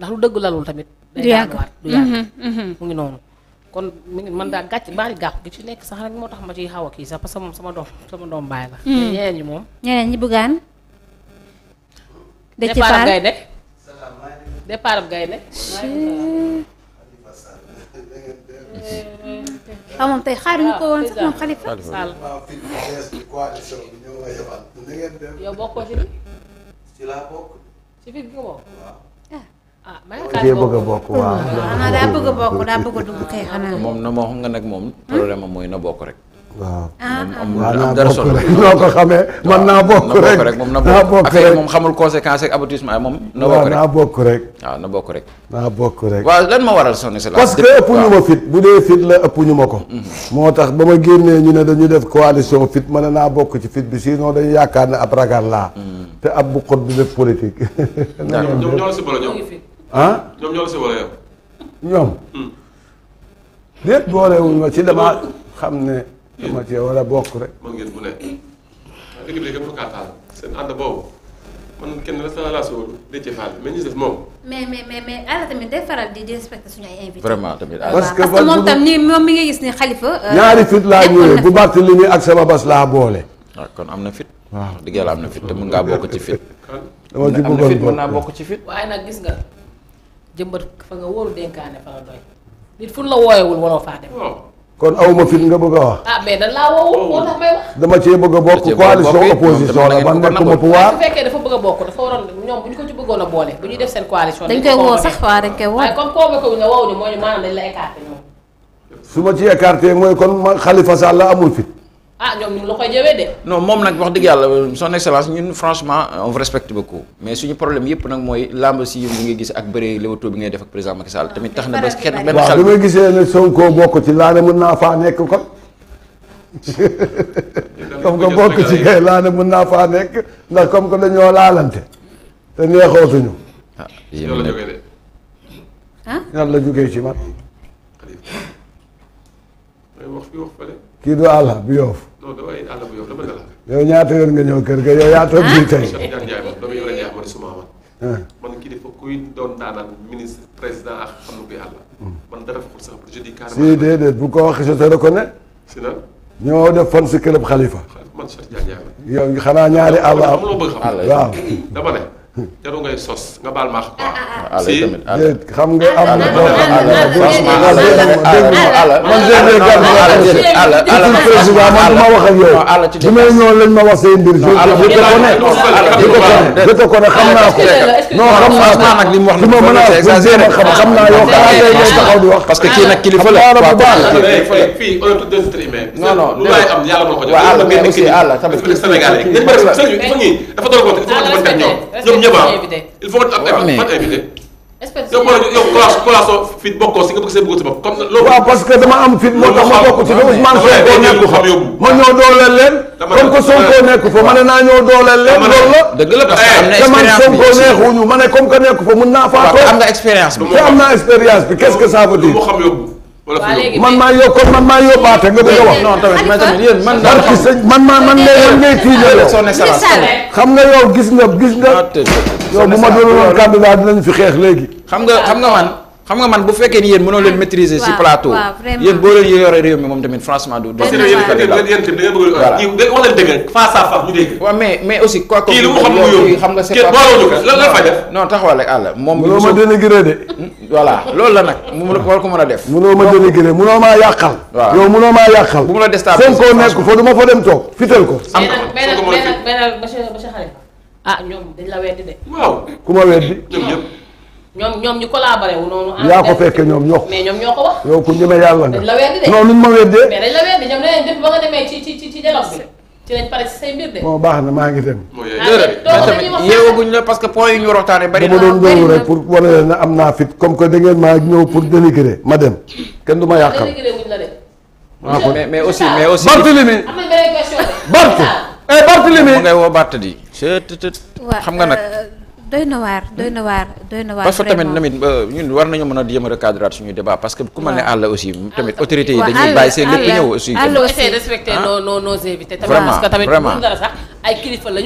ndax lu dëgg lalul tamit. du yàgg du yàgg mm-hmm, mm-hmm. mu ngi noonu. kon mi ngi man daa gàcc baari gàpp gi ci nekk sax rek moo tax ma ci xaw kii sax parce moom sama doom sama doom baay la. Mm-hmm. ñeneen ñi moom. ñeneen ñi bëggaan. dëcc faal départ gaynde. départ ah, moom tey xaaruñu ko woon sax moom Khalifa ah, Sall. ah a bokk waaw. Ah, ah, a bokk a dugg kay xanaa. na moo nga nag moom. Hmm? problème am mooy na bokk rek. waaw moom ah, am dara solo noo ko man naa bokk rek moom na bokk affaire moom xamul conséquence ak aboutissement moom na bokk rek naa bokk rek waaw bokk rek naa bokk rek waaw lan ma waral sonne si la parce que ëpp ñu ma fit bu dee fit la ëpp ñu ma ko hmm. moo tax ba ma génnee ñu ne dañu def coalition fit ma ne naa bokk ci fit bi sinon dañu yaakaar ne ab ragal laa hmm. te ab bu xot du def politique ah. ñoom ñoo la si boole yow. Hmm. ci dama xam ne. dama cee war bokk rek. mën ngeen bu ne. dëgg bi dafa kaataal seen ànd boobu man kenn la sa laa sóor dëcc mais mais mais mais mais Alla tamit day faral di respecté suñu ay invités. vraiment tamit parce que moom tam ni moom mi ngi gis ni xalifa. Euh, ñaari fit laa ñëwee bu bàtt li muy ak sama bas laa boole. waaw ah, kon am na fit. waaw wax dëgg am na fit te mën ngaa bokk ci fit. dama ci bëggoon bokk mën naa bokk ci fit waaye nag gis nga. jëmbat fa nga wóoru dénkaane fa nga doy nit fu la wooyewul waroo faa dem. kon awma fit nga bëgg a wax. Ah, mais dañ laa woowul moo tax may wax. dama cee bëgg a bokk coalition opposition la man nekkuma pouvoir. bu fekkee dafa bëgg a bokk dafa waroon ñoom bu ñu ko ci bëggoon a boole bu ñuy def seen coalition. dañ koy woo sax waaw dañ koy woo. ñu mooy maanaam dañ la écarté ñoom. su ma ci écarté mooy kon man Khalifa Sall amul fit. ah ñoom ñu ngi moom nag wax dëgg yàlla son excellence ñun franchement on vous respecte beaucoup mais suñu problème yëpp nag mooy làmb si yëngu nga gis ak bëree lewato bi ngay def ak président Macky Sall ah, tamit ma gisee ne Sonko bokk ci laa ne mën naa faa nekk kon. comme que bokk ci kay laa ne comme que dañoo laalante te neexootuñu. Ah, a la jógee ci kii du àll bi yoof non damay àll bu yow dama ne la. yow ñaata yoon nga ñëw kër ga yow yaa toog bii ah. tey. Cheikh Ndiaye Ndiaye moom dama yore Ndiaye man suma ah. man. man kilifa kuy doon daanaan ministre président ak xam nga yàlla. Hmm. man dara fukk sax je dis carrément. si déedéet bu ko waxee je te reconnais. si la. ñoo def fan si club Khalifa. man Cheikh Ndiaye Ndiaye la. yow xanaa ñaari àll. waaw dama bëgg xam waaw. dama ne. jaru ngay sos nga baal maax quoi. si xam nga am na doo xam ne man déedéet gàllankoor président man ma wax ak yow. bi may ñëw lañ ma wax seen mbir. non àll bi ko ne bi ko ko ne xam naa ko. non xam naa ko li mu wax nag mën a exagéré xam xam naa yow xanaa ngay ngay taxaw di wax. parce que kii nag kilifa la waaw fii on est tous destrimés. non non lu laay am yàlla moo ko jox. waaw àll bi aussi àll tamit. Sénégalais dafa doon ko ñoom débat il faut am invité. fit bokkoo am fit ci Ousmane Sonko nekku nekku fa ma naa ñoo dooleel leen. loolu la dëgg la parce que am na eh, expérience bi neexuñu ma nekku fa mun naa faa am nga expérience bi te am man maa yób kon man maa yóbbaate nga bëgg a wax. non tamit mais tamit yéen man. barki sëñ man maa man ngay man ngay kii xam nga yow gis nga gis nga. Ah, yow bu ma doonoon candidat dinañ fi xeex léegi. xam nga xam nga man. xam nga man bu fekkee ni yéen mënoo leen maîtriser ci plateau yéen boo leen yore réew mi moom tamit franchement du do waaw mais mais aussi quoi que xam nga c'est pas non taxawal rek àll moom mënoo ma dénigré de voilà loolu la nag mu war ko mën a def mënoo ma dénigré mënoo maa yàqal waaw yow mënoo maa yàqal bu mu la déstabiliser seen koo nekk fa du ma fa dem toog fital ko am benn benn monsieur monsieur Xale ah ñoom dañ la weddi de waaw ku ma weddi ñëpp ñoom ñoom ñu collaboré wu noonu. yaa ko fekkee ñoom ñoo mais ñoom ñoo ko wax. yow ku ñeme yàlla nga. dañ la weddi de non luñ ma weddee. mais dañ la weddi ñoom nee nañ depuis ba nga demee ci ci ci ci dialogue bi. ci lañ pare ci say mbir de. bon baax na maa ngi dem. Ah, yeewaguñ la parce que point yi ñu war a waxtaanee bari na. dama doon ñëw rek pour wane leen ne am naa fit comme que da ngeen maa ñëw pour dénigrer ma dem kenn du ma yàqal. dénigrer wuñ la de. waaw ah, mais mais aussi mais aussi. Barthélemy am na beneen question de. Barth. eh Barthélemy. mu ngay woo Barth di. xam nga nag euh, doy na waar doy na waar doy na waar parce que tamit tamit euh, war nañu mën a jéem a recadrer suñu débat parce que ku mel ne àll aussi tamit autorité yi dañuy bàyyi seen lépp ñëw aussi àll aussi ah.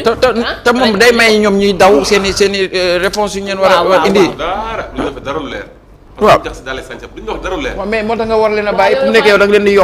ah. te moom day may ñoom ñuy daw seen i seen euh, yu ñeen war a indi waaw moo tax nga war leen bàyyi bu nekkee yow leen di